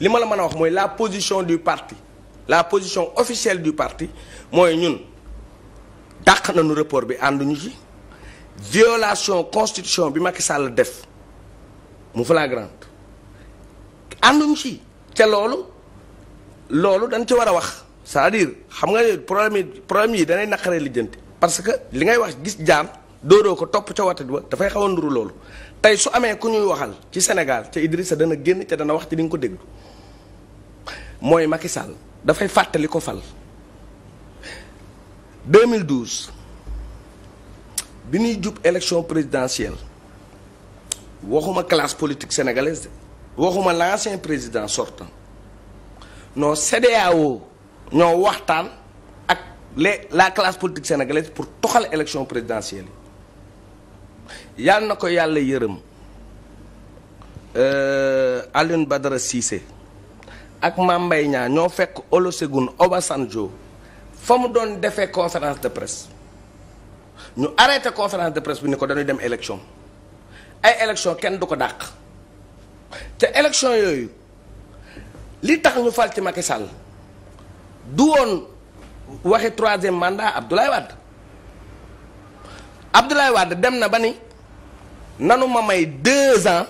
li ma la mën a wax mooy la position du parti la position officielle du parti mooy ñun dàq nañu report bi ànduñu ci violation constitution bi Macky sàll def mu flagrante ànduñu ci te loolu loolu dañ ci war a wax c'est-à-dire xam nga problème yi problème yi danay naqaree lijjanti parce que li ngay wax gis jaan doodoo ko topp ca watat ba dafay xaw nduru loolu tey su amee ku ñuy waxal ci Sénégal ca idris dana génn ca dana wax ci li nga ko déglu mooy Macky dafay fàttali ko fal 2012 bi ñuy jub élection présidentielle waxuma classe politique sénégalaise waxuma l'ancien président sortant non CEDEAO ñoo waxtaan ak les la classe politique sénégalaise pour toxal élection présidentielle yi yàlla na ko yàlla yërëm euh, ba dara Cissé ak Mame Mbaye Niang ñoo fekk Olusegun Obasanjo fa mu doon defee conférence de presse ñu arrêté conférence de presse bu ni ko dañuy dem élection ay élection kenn du ko dàq te élection yooyu li tax ñu fal ci Macky Sall du woon waxi troisième mandat Abdoulaye Wade Abdoulaye Wade dem na ba ni nanu ma may deux ans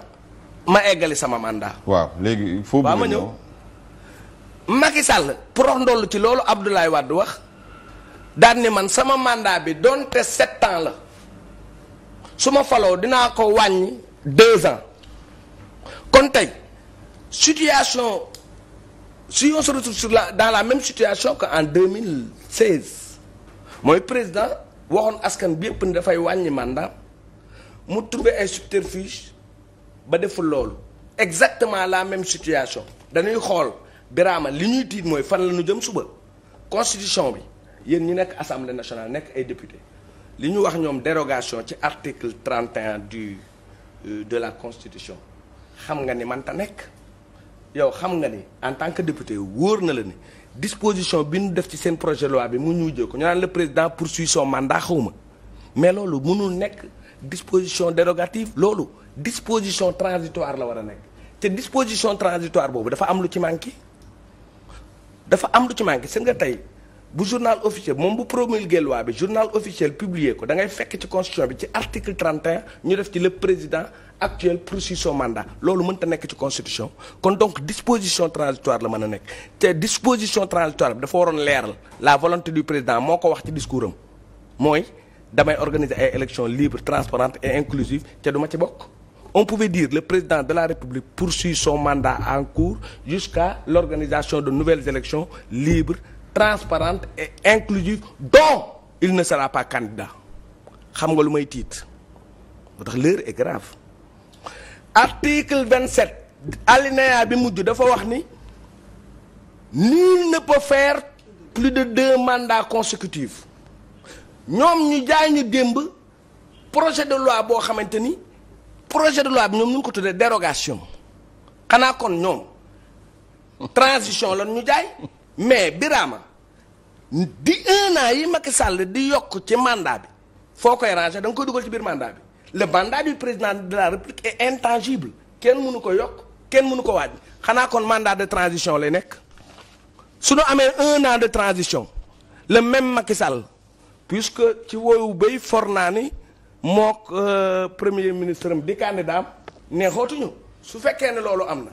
ma eggali sama mandat. waaw léegi il faut. ma ñëw. Macky Sall porox ndoll ci loolu Abdoulaye Wade wax daan ne man sama mandat bi doonte set ans la su ma faloo dinaa ko wàññi deux ans kon tey situation si on se retrouve sur la dans la même situation ko en 2016 mooy président waxoon askan bi yëpp ni dafay wàññi mandat mu trouver ay subterfuge ba deful loolu exactement la même situation dañuy xool Birama li ñuy tiit mooy fan la ñu jëm suba constitution bi yéen ñu nekk assemblée nationale nekk ay député li ñu wax ñoom dérogation ci article 31 du euh, de la constitution xam nga ni man ta nekk yow xam nga ni en tant que député wóor na la ni disposition bi ñu def ci seen projet loi bi mu ñu jël ko ñu la le président poursuit son mandat xawma mais loolu mënul nekk disposition dérogative loolu disposition transitoire la war a nekk te disposition transitoire boobu dafa am lu ci manqué dafa am lu ci manqué seen nga tey bu journal officiel moom bu promulgué loi bi journal officiel publié ko da ngay fekk ci constitution bi ci article 31 ñu def ci le président actuel poursuit son mandat loolu mënta nekk ci constitution kon donc disposition transitoire la mën a nekk te disposition transitoire bi dafa waroon leeral la volonté du président moo ko wax ci discours am mooy damay organiser ay élections libre transparentes et inclusives te duma ci bokk on pouvait dire le président de la République poursuit son mandat en cours jusqu'à l'organisation de nouvelles élections libres, transparentes et inclusives dont il ne sera pas candidat xam nga lu may tiit moo tax l'heure est grave article 27 bi mujj dafa wax ni nul ne peut faire plus de deux mandats consécutifs ñoom ñu jaay ñu démb projet de loi boo xamante ni projet de loi bi ñoom ñu ko tuddee dérogation xanaa kon ñoom transition lan ñu jaay mais Birama di un an yi Macky Sall di yokk ci mandat bi foo koy ranger da nga koy dugal ci biir mandat bi le mandat du président de la République est intangible kenn mënu ko yokk kenn mënu ko waaj xanaa kon mandat de transition lay nekk su ñu amee un an de transition le même Macky Sall puisque ci woyu bay for naa ni mook euh, premier ministre am di candidat am neexootuñu su fekkee ne loolu am na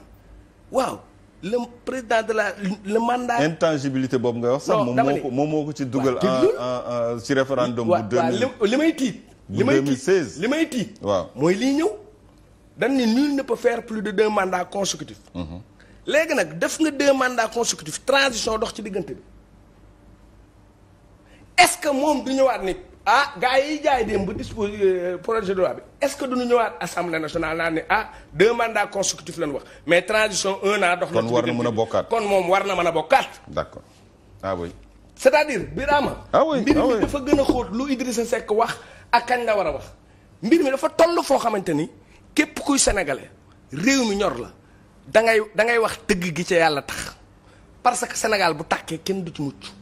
waaw le président de la le mandat. intangibilité boobu nga wax sax moom moo ko moom moo ko ci dugal. en ci référendum bu 2000 li may tiit. li may tiit li may tiit. waaw mooy lii ñëw. dañ ni nul ne peut faire plus de deux mandats consécutifs. Mhm. léegi nag def nga deux mandats consécutifs transition dox ci diggante bi est-ce que moom du ñëwaat nit. ah gars yi jaay dem ba dispose euh, projet de loi bi est-ce que duñu ñëwaat assemblée nationale naan ne ah deux mandats consécutifs wax mais transition un an dox la kon war na mën a bokkaat kon moom war na mën a bokkaat d'accord ah oui c'est-à-dire Birama ah mbir ah mi dafa gën a xóot lu Idrissa Seck wax ak kañ nga war a wax mbir mi dafa toll foo xamante ni képp kuy sénégalais réew mi ñor la da ngay da ngay wax dëgg gi ca yàlla tax parce que Sénégal bu tàkkee kenn du ci